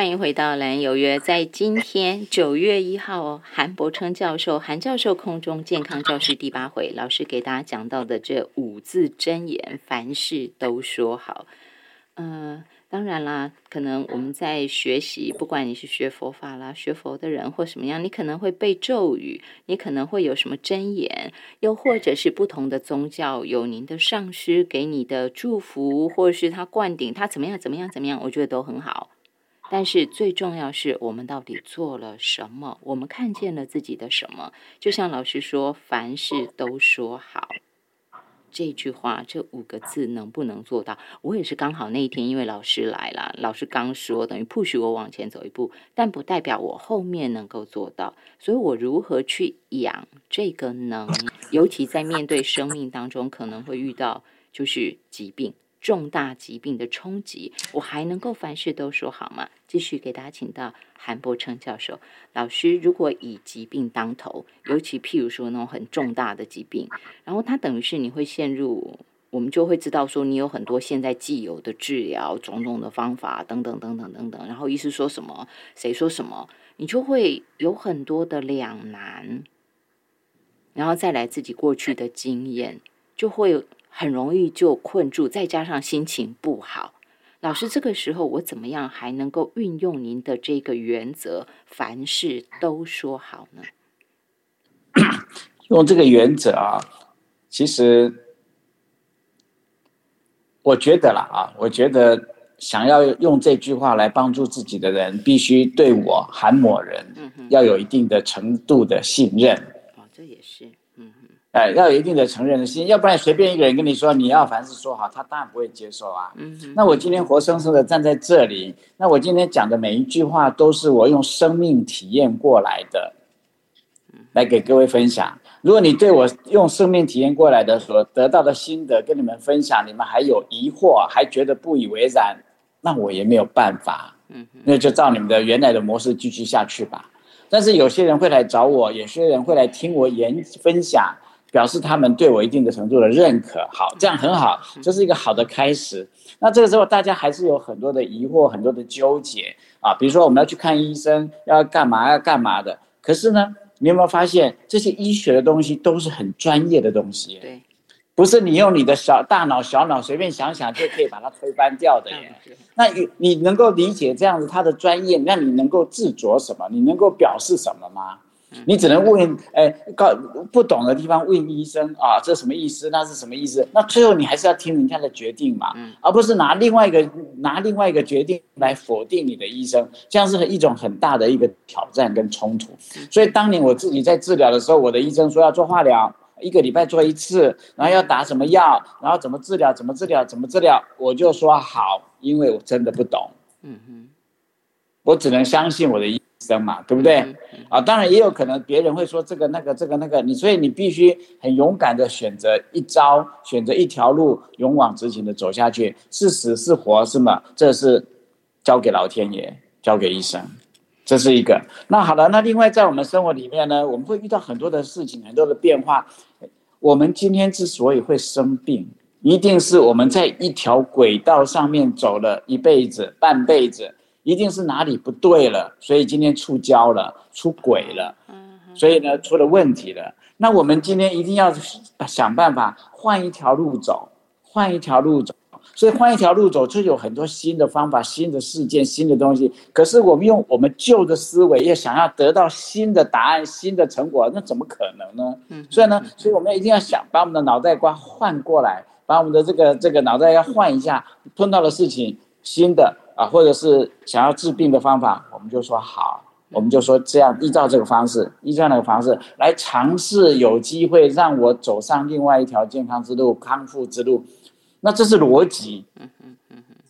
歡迎回到藍友約，在今天九月一號，韓柏檉教授，韓教授空中健康教室第八回，老師給大家講到的這五字真言，凡事都說好。嗯、呃，當然啦，可能我們在學習，不管你是學佛法啦，學佛的人或什麼樣，你可能會背咒語，你可能會有什麼真言，又或者是不同的宗教有您的上師給你的祝福，或者是他灌頂，他怎麼樣怎麼樣怎麼樣，我覺得都很好。但是最重要是我們到底做了什麼？我們看見了自己的什麼？就像老師說，“凡事都說好”這句話，這五個字能不能做到？我也是剛好那一天，因為老師來了，老師剛說，等於不許我往前走一步，但不代表我後面能夠做到。所以我如何去養這個能？尤其在面對生命當中可能會遇到，就是疾病。重大疾病的衝擊，我還能夠凡事都說好嗎？繼續給大家請到韓博成教授。老師，如果以疾病當頭，尤其譬如說那種很重大的疾病，然後他等於是你會陷入，我們就會知道說你有很多現在既有的治療、種種的方法等等等等等等。然後醫師說什麼？誰說什麼？你就會有很多的兩難，然後再來自己過去的經驗，就會有。很容易就困住，再加上心情不好。老師，這個時候我怎麼樣還能夠運用您的這個原則，凡事都說好呢？用這個原則啊，其實我覺得啦啊，我覺得想要用這句話來幫助自己的人，必須對我韓某人要有一定的程度的信任。哦，這也是。要有一定的承認的心，要不然隨便一個人跟你說你要凡事說好，他當然不會接受啊。嗯嗯嗯、那我今天活生生的站在這裡，那我今天講的每一句話都是我用生命體驗過來的，來給各位分享。如果你對我用生命體驗過來的所得到的心得跟你們分享，你們還有疑惑，還覺得不以為然，那我也沒有辦法。那就照你們的原來的模式繼續下去吧。但是有些人會來找我，有些人會來聽我演分享。表示他們對我一定的程度的認可，好，這樣很好，嗯、這是一個好的開始。嗯、那這個時候大家還是有很多的疑惑，很多的糾結啊，比如說我們要去看醫生，要幹嘛，要幹嘛的。可是呢，你有沒有發現這些醫學的東西都是很專業的東西？對不是你用你的小大腦、小腦隨便想想就可以把它推翻掉的。嗯、那你你能夠理解這樣子他的專業？那你能夠自着什麼？你能夠表示什麼嗎？你只能問，哎，搞不懂的地方問醫生啊，這什麼意思？那是什麼意思？那最後你還是要聽人家的決定嘛，嗯，而不是拿另外一個拿另外一個決定來否定你的醫生，這樣是一種很大的一個挑戰跟衝突。所以當年我自己在治療的時候，我的醫生說要做化療，一個禮拜做一次，然後要打什麼藥，然後怎麼治療，怎麼治療，怎麼治療，我就說好，因為我真的不懂，嗯哼，我只能相信我的醫生。生嘛，對不對？啊，當然也有可能別人會說這個那個這個那個你，所以你必須很勇敢的選擇一招，選擇一條路，勇往直前的走下去，是死是活是嗎？這是交給老天爺，交給醫生，這是一個。那好了，那另外在我們生活裡面呢，我們會遇到很多的事情，很多的變化。我們今天之所以會生病，一定是我們在一條軌道上面走了一輩子、半輩子。一定是哪裡不對了，所以今天觸礁了，出軌了，所以呢出了問題了。那我們今天一定要想辦法換一條路走，換一條路走。所以換一條路走，就有很多新的方法、新的事件、新的東西。可是我們用我們舊的思維，要想要得到新的答案、新的成果，那怎麼可能呢？所以呢，所以我們要一定要想把我們的腦袋瓜換過來，把我們的這個這個腦袋要換一下，碰到的事情新的。啊，或者是想要治病的方法，我們就說好，我們就說這樣，依照這個方式，依照那個方式來嘗試，有機會讓我走上另外一條健康之路、康復之路，那這是邏輯。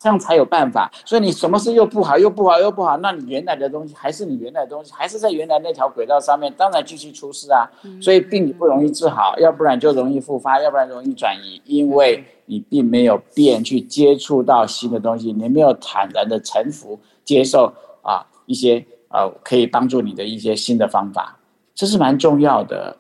這樣才有辦法，所以你什麼事又不好，又不好，又不好，那你原來的東西還是你原來的東西，還是在原來那條軌道上面，當然繼續出事啊。所以病不容易治好，要不然就容易復發，要不然容易轉移，因為你並沒有變，去接觸到新的東西，你沒有坦然的臣服接受啊一些啊可以幫助你的一些新的方法，這是蠻重要的。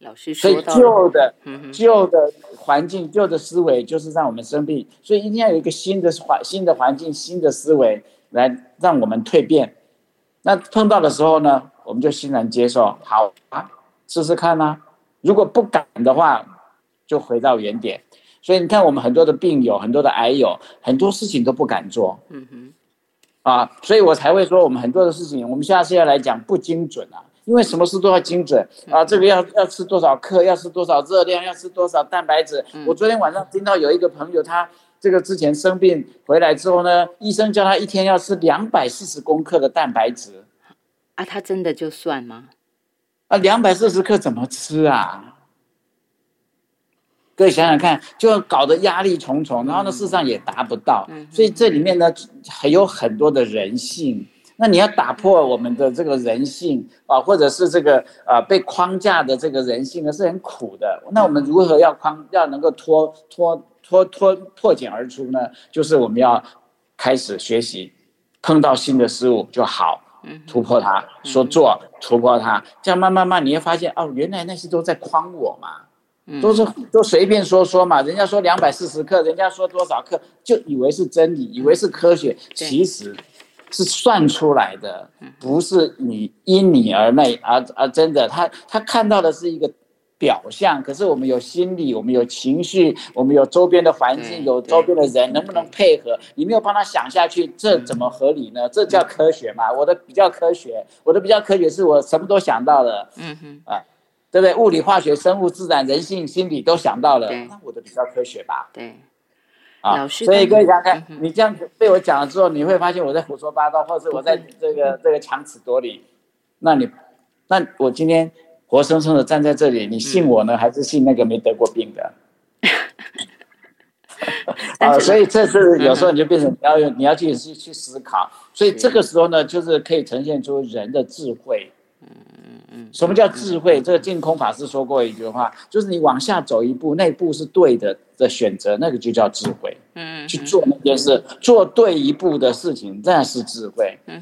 老師說所以舊的，舊的。環境舊的思維就是讓我們生病，所以一定要有一個新的環、新的環境、新的思維來讓我們蛻變。那碰到的時候呢，我們就欣然接受，好啊，試試看啊。如果不敢的話，就回到原點。所以你看，我們很多的病友、很多的癌友，很多事情都不敢做。嗯哼，啊，所以我才會說，我們很多的事情，我們下次要來講不精準啊。因為什麼事都要精準啊？這個要要吃多少克，要吃多少熱量，要吃多少蛋白質？嗯、我昨天晚上聽到有一個朋友，他這個之前生病回來之後呢，醫生叫他一天要吃兩百四十公克的蛋白質。啊，他真的就算嗎？啊，兩百四十克怎麼吃啊？各位想想看，就搞得壓力重重，嗯、然後呢，事實上也達不到。嗯嗯、所以這裡面呢，嗯、還有很多的人性。那你要打破我們的這個人性啊，或者是這個啊、呃、被框架的這個人性呢，是很苦的。那我們如何要框，要能夠脫脫脫脫脫繭而出呢？就是我們要開始學習，碰到新的事物就好，突破它，說做突破它，這樣慢慢慢慢你會發現哦，原來那些都在框我嘛，都是都隨便說說嘛，人家說兩百四十克，人家說多少克，就以為是真理，以為是科學，其實。是算出來的，不是你因你而內而而真的，他他看到的是一個表象，可是我們有心理，我們有情緒，我們有周邊的環境，對有周邊的人，對能不能配合？你沒有幫他想下去，這怎麼合理呢？嗯、這叫科學嘛？我的比較科學，我的比較科學是我什麼都想到了，嗯哼啊，對不對？物理、化學、生物、自然、人性、心理都想到了，對那我的比較科學吧？對。啊，許所以各位想看，嗯、哼你這樣子被我講了之後，你會發現我在胡說八道，或是我在這個、嗯、哼這個強詞奪理。那你，那我今天活生生的站在這裡，你信我呢，嗯、還是信那個沒得過病的？嗯、哼啊，是所以這是有時候你就變成你要、嗯、哼你要去去思考。所以這個時候呢，就是可以呈現出人的智慧。什麼叫智慧？這個淨空法師說過一句話，就是你往下走一步，那一步是對的的選擇，那個就叫智慧。嗯，去做那件事，就是做對一步的事情，那是智慧。嗯、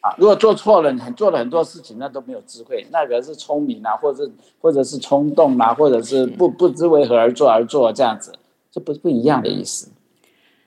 啊、如果做錯了，你做了很多事情，那都沒有智慧，那個是聰明啊，或者或者是衝動啊，或者是不不知為何而做而做這樣子，這不不一樣的意思。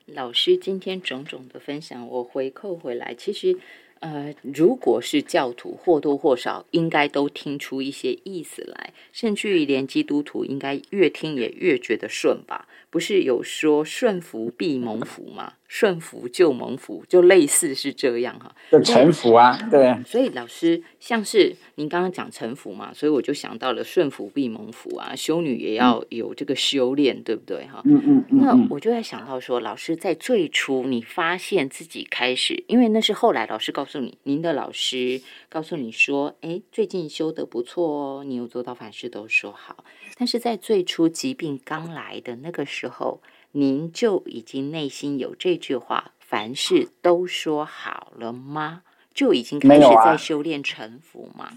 老師今天種種的分享，我回扣回來，其實。呃，如果是教徒，或多或少應該都聽出一些意思來，甚至於連基督徒，應該越聽也越覺得順吧？不是有說順服必蒙福嗎？順服就蒙福，就類似是這樣哈，對就臣服啊，對。所以老師，像是您剛剛講臣服嘛，所以我就想到了順服必蒙福啊，修女也要有這個修煉，嗯、對不對哈？嗯，嗯嗯。那我就在想到說，老師在最初你發現自己開始，因為那是後來老師告訴你，您的老師告訴你說，哎、欸，最近修得不錯哦，你有做到凡事都說好。但是在最初疾病剛來的那個時候。您就已經內心有這句話“凡事都說好了嗎？”就已經開始在修煉城府嗎？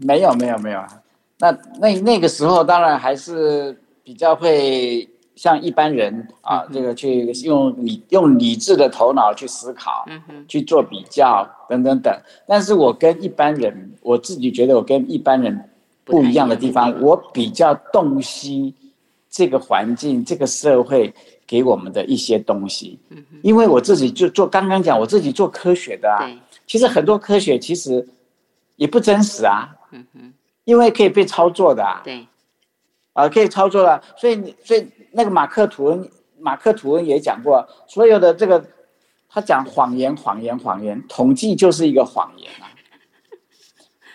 沒有啊，沒有，沒有，沒有。那那那個時候，當然還是比較會像一般人啊，嗯哼，這個去用理用理智的頭腦去思考，嗯哼，去做比較等等等等。但是我跟一般人，我自己覺得我跟一般人不一樣的地方，地方我比較洞悉，這個環境、這個社會給我們的一些東西，嗯、哼因為我自己就做剛剛講，我自己做科學的啊，對其實很多科學其實也不真實啊，嗯、哼因為可以被操作的啊，啊對、呃、可以操作了，所以你所以那個馬克吐溫，馬克吐溫也講過，所有的這個他講謊言，謊言，謊言，統計就是一個謊言啊。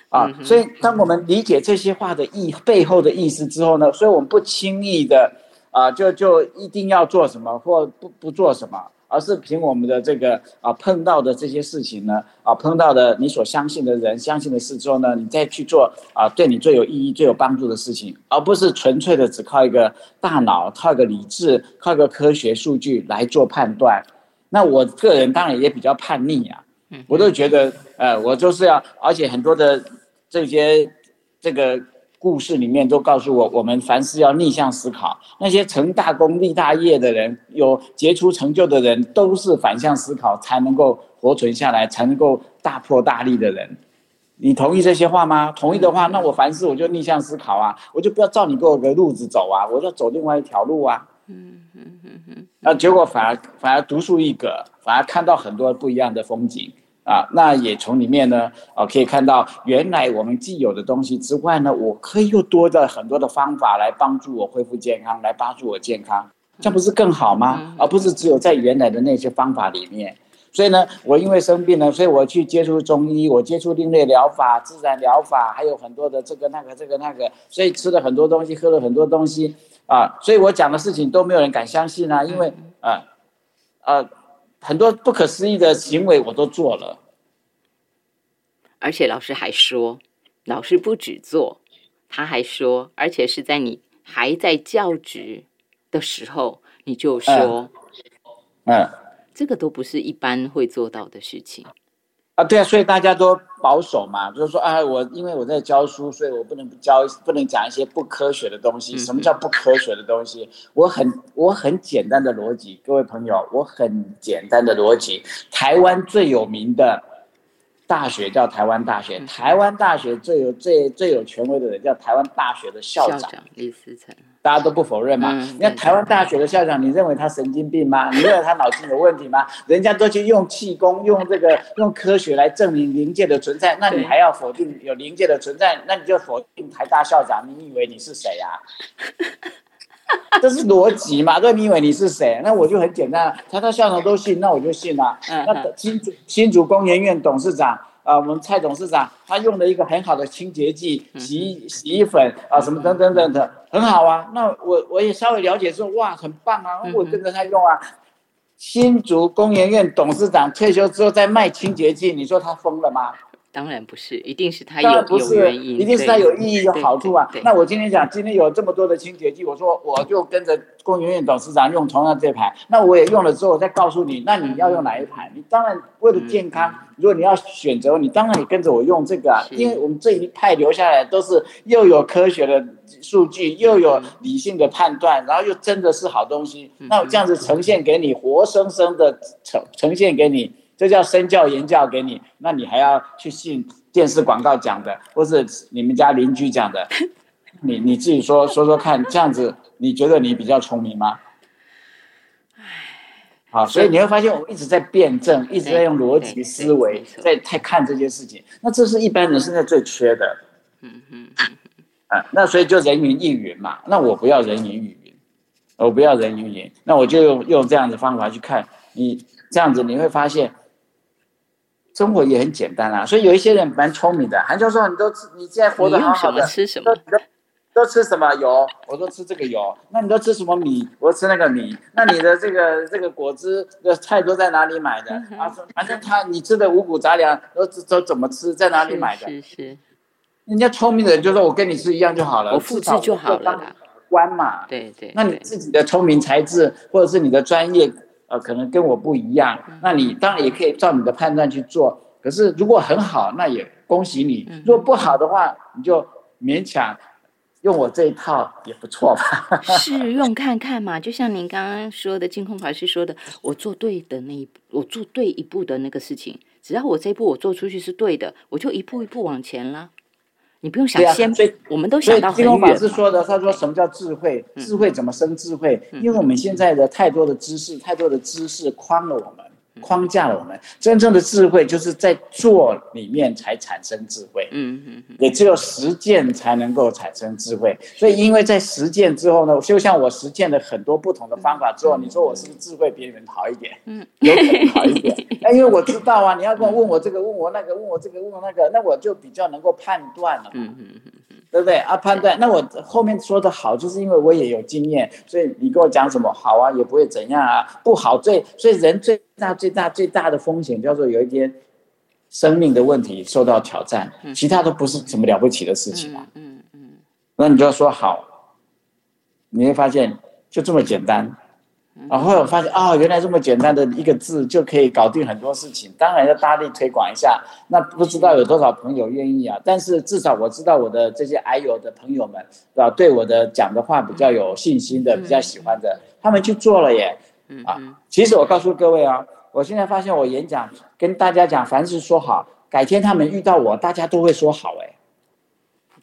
啊，所以當我們理解這些話的意、嗯嗯、背後的意思之後呢，所以我們不輕易的啊，就就一定要做什麼或不不做什麼，而是憑我們的這個啊碰到的這些事情呢，啊碰到的你所相信的人、相信的事之後呢，你再去做啊對你最有意義、最有幫助的事情，而不是純粹的只靠一個大腦、靠一個理智、靠一個科學數據來做判斷。那我個人當然也比較叛逆啊，我都覺得，呃，我就是要，而且很多的。這些這個故事裡面都告訴我，我們凡事要逆向思考。那些成大功立大業的人，有傑出成就的人，都是反向思考才能夠活存下來，才能夠大破大立的人。你同意這些話嗎？同意的話，那我凡事我就逆向思考啊，我就不要照你給我的路子走啊，我就走另外一條路啊。嗯嗯嗯嗯。那結果反而反而獨樹一格，反而看到很多不一樣的風景。啊，那也從裡面呢，哦、啊，可以看到原來我們既有的東西之外呢，我可以又多的很多的方法來幫助我恢復健康，來幫助我健康，這不是更好嗎？而、嗯嗯啊、不是只有在原來的那些方法裡面。所以呢，我因為生病了，所以我去接觸中醫，我接觸另類療法、自然療法，還有很多的這個那個這個那個，所以吃了很多東西，喝了很多東西啊，所以我講的事情都沒有人敢相信啊，因為啊，呃。很多不可思議的行為我都做了，而且老師還說，老師不只做，他還說，而且是在你還在教職的時候，你就說，嗯，嗯，這個都不是一般會做到的事情。啊，對啊，所以大家都保守嘛，就是說，哎，我因為我在教書，所以我不能教，不能講一些不科學的東西。什麼叫不科學的東西？嗯、哼我很我很簡單的邏輯，各位朋友，我很簡單的邏輯。台灣最有名的大學叫台灣大學，台灣大學最有最最有權威的人叫台灣大學的校長李嗣涔。大家都不否認嘛。人家台灣大學的校長，你認為他神經病嗎？你認為他腦子有問題嗎？人家都去用氣功，用這個用科學來證明靈界的存在，那你還要否定有靈界的存在？那你就否定台大校長？你以為你是誰呀？這是邏輯嘛？對，你以為你是誰啊？那我就很簡單，台大校長都信，那我就信了。嗯，那新竹新竹工研院董事長。啊，我們蔡董事長他用了一個很好的清潔劑，洗衣洗衣粉啊，什麼等等等等，很好啊。那我我也稍微了解說，哇，很棒啊，我跟着他用啊。嗯嗯。新竹工研院董事長退休之後在賣清潔劑，你說他瘋了嗎？當然不是，一定是它有有原一定是有意義、有好處啊。那我今天講，今天有這麼多的清潔劑，我說我就跟着公園院董事長用同樣這一那我也用了之後再告訴你，那你要用哪一盤。你當然為了健康，如果你要選擇，你當然你跟着我用這個啊，因為我們這一派留下來都是又有科學的數據，又有理性的判斷，然後又真的是好東西，那我這樣子呈現給你，活生生的呈呈現給你。這叫身教言教給你，那你還要去信電視廣告講的，或是你們家鄰居講的？你你自己說說說看，這樣子你覺得你比較聰明嗎？唉，好，所以你會發現我一直在辯證，一直在用邏輯思維在在看這件事情。那這是一般人現在最缺的，嗯嗯，啊，那所以就人云亦云嘛。那我不要人云亦云，我不要人云亦云，那我就用用這樣的方法去看你，這樣子，你會發現。生活也很簡單啦、啊，所以有一些人蠻聰明的。韓教授，你都吃，你既然活得好好的，你吃都都吃什麼油？我都吃這個油。那你都吃什麼米？我吃那個米。那你的這個這個果汁的、這個、菜都在哪裡買的？ 啊說，反正他你吃的五谷雜糧都都怎麼吃，在哪裡買的？是是。是是人家聰明的人就說我跟你吃一樣就好了，我複製就好了關嘛，對對。對那你自己的聰明才智，對或者是你的專業？呃，可能跟我不一樣，那你當然也可以照你的判斷去做。可是如果很好，那也恭喜你；如果不好的話，你就勉強用我這一套也不錯吧。試用看看嘛， 就像您剛剛說的，淨空法師說的，我做對的那一步，我做對一步的那個事情，只要我這一步我做出去是對的，我就一步一步往前啦。你不用想先、啊，被我們都想到很遠。金融法師說的，他說什麼叫智慧？智慧怎麼生智慧？因為我們現在的太多的知識，太多的知識框了我們。框架了我們，真正的智慧，就是在做裡面才產生智慧，嗯，嗯嗯，也只有實踐才能夠產生智慧。所以因為在實踐之後呢，就像我實踐了很多不同的方法之後，嗯、你說我是不是智慧比你們好一點？嗯，有可能好一點。那 因為我知道啊，你要跟我問我這個，問我那個，問我這個，問我那個，那我就比較能夠判斷了嘛。嗯嗯。嗯嗯對不對啊？判斷，那我後面說的好，就是因為我也有經驗，所以你跟我講什麼好啊，也不會怎樣啊。不好最，所以人最大最大最大的風險叫做有一天生命的問題受到挑戰，其他都不是什麼了不起的事情嘛。嗯嗯，那你就要說好，你會發現就這麼簡單。然後我發現啊、哦，原來這麼簡單的一個字就可以搞定很多事情。當然要大力推廣一下，那不知道有多少朋友願意啊。但是至少我知道我的這些 I 友的朋友們，對吧？對我的講的話比較有信心的，比較喜歡的，他們去做了耶。嗯啊，其實我告訴各位啊、哦，我現在發現我演講跟大家講，凡事說好，改天他們遇到我，大家都會說好哎。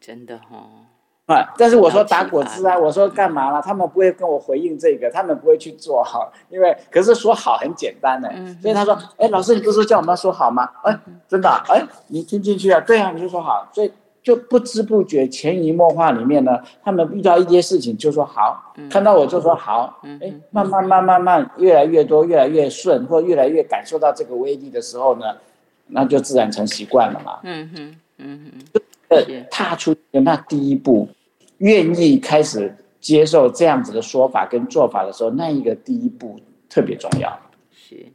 真的哈、哦。啊，但是我說打果汁啊， 我說幹嘛了、啊？嗯、他們不會跟我回應這個，嗯、他們不會去做好，因為可是說好很簡單的、欸，嗯、所以他說，哎、嗯欸，老師你不是叫我們要說好嗎？哎、欸，真的、啊，哎、欸，你聽進去啊？對啊，你就說好，所以就不知不覺潛移默化裡面呢，他們遇到一些事情就說好，嗯、看到我就說好，哎、嗯嗯欸，慢慢慢慢慢，越來越多，越來越順，或越來越感受到這個威力的時候呢，那就自然成習慣了嘛。嗯哼，嗯哼。嗯嗯嗯踏出的那第一步，願意開始接受這樣子的說法跟做法的時候，那一個第一步特別重要。是，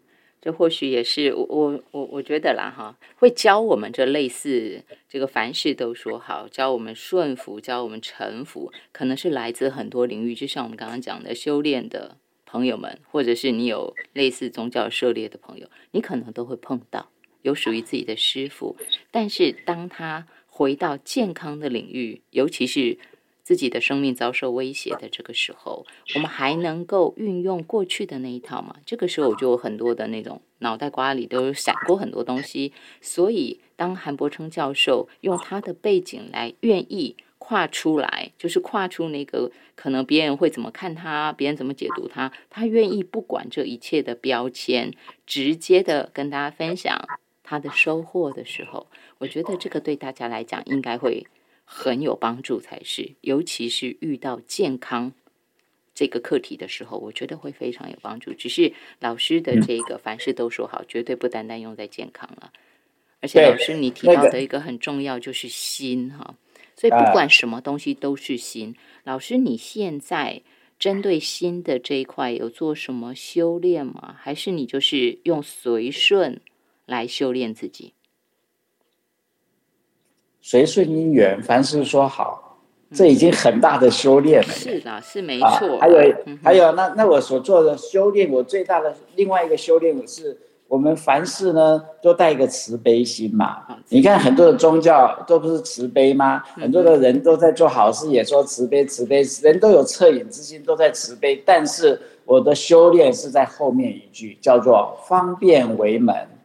這或許也是我我我我覺得啦哈，會教我們這類似這個凡事都說好，教我們順服，教我們臣服，可能是來自很多領域，就像我們剛剛講的修煉的朋友們，或者是你有類似宗教涉獵的朋友，你可能都會碰到有屬於自己的師傅，但是當他。回到健康的領域，尤其是自己的生命遭受威脅的這個時候，我們還能夠運用過去的那一套嗎？這個時候我就有很多的那種腦袋瓜裡都有閃過很多東西。所以，當韓柏檉教授用他的背景來願意跨出來，就是跨出那個可能別人會怎麼看他，別人怎麼解讀他，他願意不管這一切的標籤，直接的跟大家分享。他的收穫的時候，我覺得這個對大家來講應該會很有幫助才是，尤其是遇到健康這個課題的時候，我覺得會非常有幫助。只是老師的這個凡事都說好，絕對不單單用在健康了。而且老師，你提到的一個很重要就是心哈，所以不管什麼東西都是心。老師，你現在針對心的這一塊有做什麼修煉嗎？還是你就是用隨順？來修煉自己，隨順因緣，凡事說好，這已經很大的修煉了。是的，是沒錯、啊。還有，還有，那那我所做的修煉，我最大的另外一個修煉是，是、嗯、哼我們凡事呢都帶一個慈悲心嘛。哦、你看很多的宗教都不是慈悲嗎？嗯、哼很多的人都在做好事，也說慈悲慈悲，人都有惻隱之心，都在慈悲。但是我的修煉是在後面一句叫做方便為門。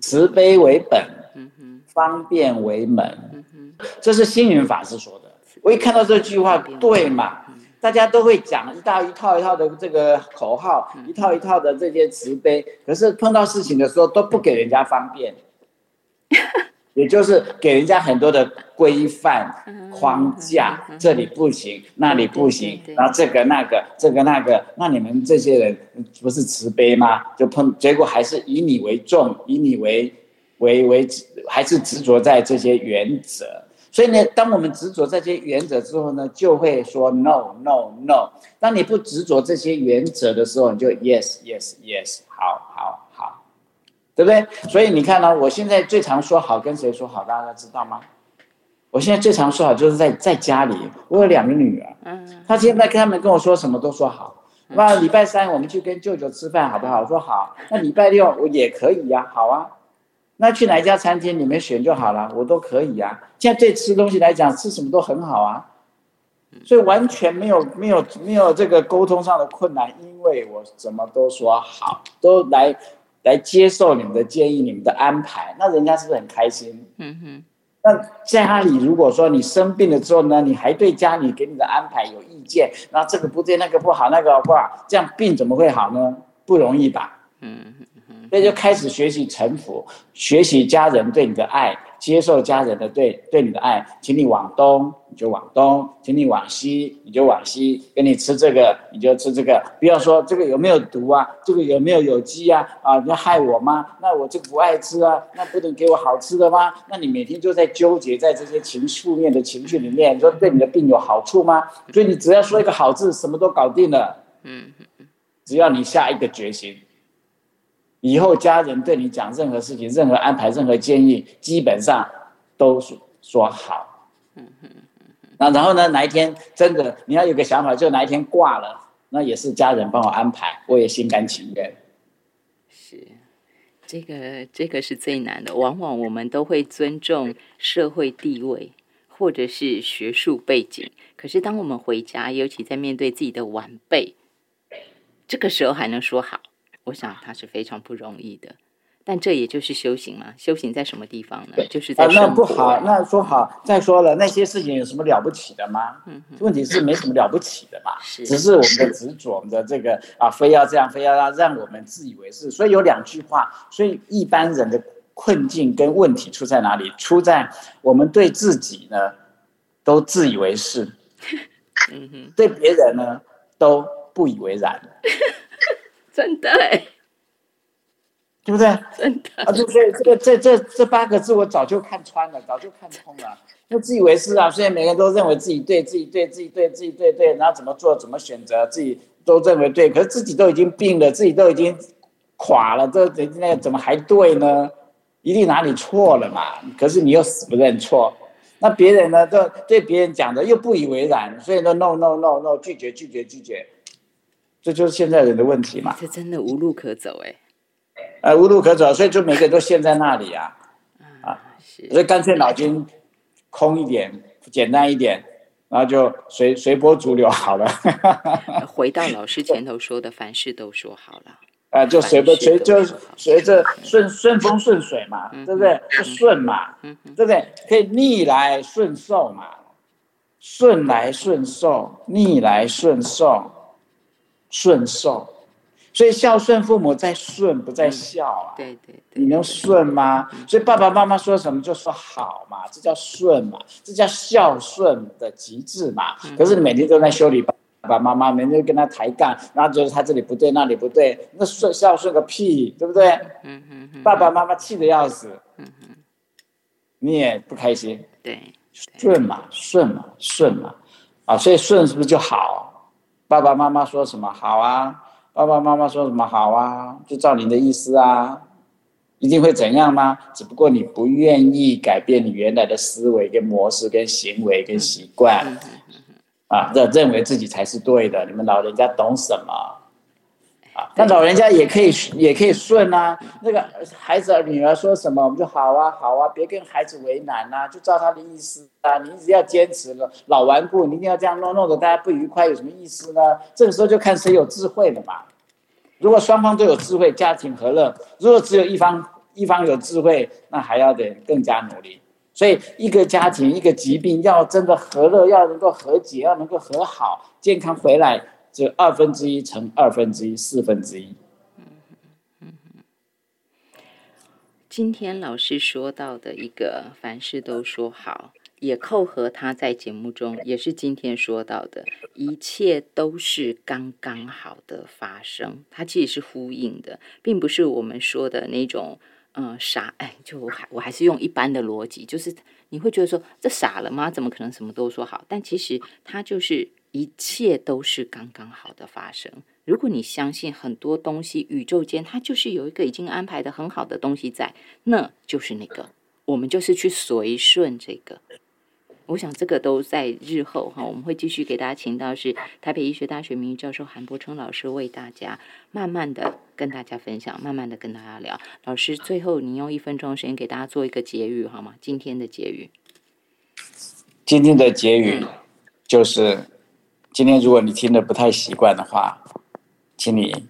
慈悲為本，嗯、哼方便為門，嗯、哼這是星雲法師說的。嗯、哼我一看到這句話，嗯、哼對嘛？嗯、哼大家都會講一大一套一套的這個口號，嗯、哼一套一套的這些慈悲，可是碰到事情的時候都不給人家方便。嗯哼 也就是給人家很多的規範框架，嗯嗯嗯、這裡不行，嗯、哼那裡不行，嗯、哼然後這個對那個，這個那個，那你們這些人不是慈悲嗎？就碰結果還是以你為重，以你為為為，還是執着在這些原則。所以呢，當我們執着這些原則之後呢，就會說 no no no。當你不執着這些原則的時候，你就 yes yes yes 好。對不對？所以你看呢、啊？我現在最常說好跟誰說好，大家知道嗎？我現在最常說好就是在在家裡，我有兩個女兒，嗯，她現在跟他們跟我說什麼都說好。那禮拜三我們去跟舅舅吃飯好不好？我說好。那禮拜六我也可以呀、啊，好啊。那去哪一家餐廳你們選就好了，我都可以呀、啊。現在對吃東西來講，吃什麼都很好啊，所以完全沒有沒有沒有這個溝通上的困難，因為我怎麼都說好，都來。來接受你們的建議、你們的安排，那人家是不是很開心？嗯哼。嗯，那家裡如果說你生病了之後呢，你還對家裡給你的安排有意見，那這個不對，那個不好，那個的話，這樣病怎麼會好呢？不容易吧？嗯哼哼。嗯嗯、所以就開始學習臣服，嗯、學習家人對你的愛。接受家人的對對你的愛，請你往東你就往東，請你往西你就往西，給你吃這個你就吃這個，不要說這個有沒有毒啊，這個有沒有有機啊？啊，你要害我嗎？那我就不愛吃啊，那不能給我好吃的嗎？那你每天就在糾結在這些情負面的情緒裡面，你說對你的病有好處嗎？所以你只要說一個好字，什麼都搞定了。嗯，只要你下一個決心，以後家人對你講任何事情、任何安排、任何建議，基本上都說說好。嗯嗯嗯，那然後呢？哪一天真的你要有個想法，就哪一天掛了，那也是家人幫我安排，我也心甘情願。是，這個這個是最難的。往往我們都會尊重社會地位或者是學術背景，可是當我們回家，尤其在面對自己的晚輩，這個時候還能說好。我想他是非常不容易的，但這也就是修行嘛。修行在什麼地方呢？對就是在、呃、那不好，那說好。再說了，那些事情有什麼了不起的嗎？問題是沒什麼了不起的吧？ 是只是我們的執着，我們的這個啊，非要這樣，非要讓讓我們自以為是。所以有兩句話，所以一般人的困境跟問題出在哪裡？出在我們對自己呢都自以為是，嗯哼，對別人呢都不以為然。 真的，對不對？真的啊，對不對？這個這這八個字，我早就看穿了，早就看通了。那自以為是啊，雖然每個人都認為自己對，自己對，自己對，自己對自己對，對，然後怎麼做，怎麼選擇，自己都認為對，可是自己都已經病了，自己都已經垮了，這那怎麼還對呢？一定哪裡錯了嘛？可是你又死不認錯，那別人呢？這對別人講的又不以為然，所以說 no, no no no no，拒絕拒絕拒絕。拒絕這就是現在人的問題嘛？這真的無路可走哎、欸，哎、呃，無路可走，所以就每個人都陷在那裡啊，嗯、是啊，所以乾脆腦筋空一點，簡單一點，然後就隨隨波逐流好了。 回到老師前頭說的，凡事都說好了，哎、呃，就隨，就隨，就隨着順順風順水嘛，嗯、對不對？就順嘛，嗯嗯、對不對？可以逆來順受嘛，順來順受，逆來順受。順受，所以孝順父母在順不在孝啊。嗯、對對對，對，你能順嗎？嗯、所以爸爸媽媽說什麼就說好嘛，這叫順嘛，這叫孝順的極致嘛。可是你每天都在修理爸爸媽媽，每天跟他抬槓，然後覺得他這裡不對，那裡不對，那順，孝順個屁，對不對？爸爸媽媽氣得要死，你也不開心，對，順嘛順嘛順嘛，啊，所以順是不是就好、啊？爸爸媽媽說什麼好啊？爸爸媽媽說什麼好啊？就照您的意思啊，一定會怎樣嗎？只不過你不願意改變你原來的思維跟模式跟行為跟習慣，嗯嗯嗯、啊，認認為自己才是對的。你們老人家懂什麼？那對老人家也可以也可以順啊，那個孩子女兒說什麼，我們就好啊好啊，別跟孩子為難吶、啊，就照他的意思啊。你一直要堅持了，老頑固，你一定要這樣弄弄的，大家不愉快有什麼意思呢？這個時候就看誰有智慧了吧。如果雙方都有智慧，家庭和樂；如果只有一方一方有智慧，那還要得更加努力。所以，一個家庭一個疾病要真的和樂，要能夠和解，要能夠和好，健康回來。這二分之一乘二分之一，四分之一。嗯嗯嗯，今天老師說到的一個凡事都說好，也扣合他在節目中也是今天說到的一切都是剛剛好的發生，它其實是呼應的，並不是我們說的那種嗯，傻。哎，就還我還是用一般的邏輯，就是你會覺得說這傻了嗎？怎麼可能什麼都說好？但其實他就是。一切都是剛剛好的發生。如果你相信很多東西，宇宙間它就是有一個已經安排的很好的東西在，那就是那個。我們就是去隨順這個。我想這個都在日後哈，我們會繼續給大家請到是台北醫學大學名譽教授韓柏檉老師為大家慢慢的跟大家分享，慢慢的跟大家聊。老師，最後你用一分鐘的時間給大家做一個結語好嗎？今天的結語，今天的結語就是。嗯今天如果你聽得不太習慣的話，請你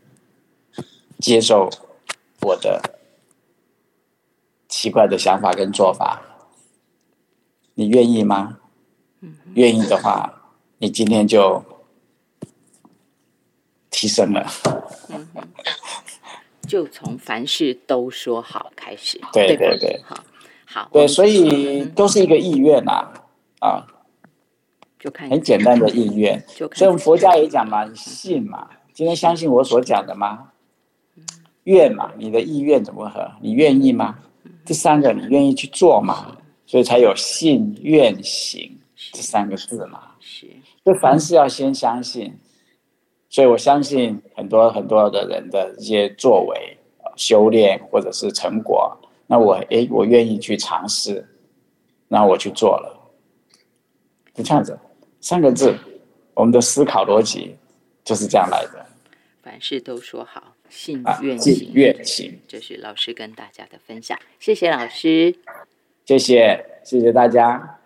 接受我的奇怪的想法跟做法，你願意嗎？嗯，願意的話，對你今天就提升了，嗯。就從凡事都說好開始。對對吧對好，好，對，所以都是一個意願吶，啊，啊。就看，很簡單的意願，就看，就看，所以我們佛家也講嘛，信嘛，今天相信我所講的嘛，願嘛，你的意願怎麼和，你願意嗎？這三個，你願意去做嘛？所以才有信願行這三個字嘛。是，是，就凡事要先相信。所以我相信很多很多的人的一些作為、修煉或者是成果。那我誒，我願意去嘗試，然後我去做了，就這樣子。三個字，我們的思考邏輯就是這樣來的。凡事都說好，信願行，啊、信願行。這是老師跟大家的分享。謝謝老師，謝謝，謝謝大家。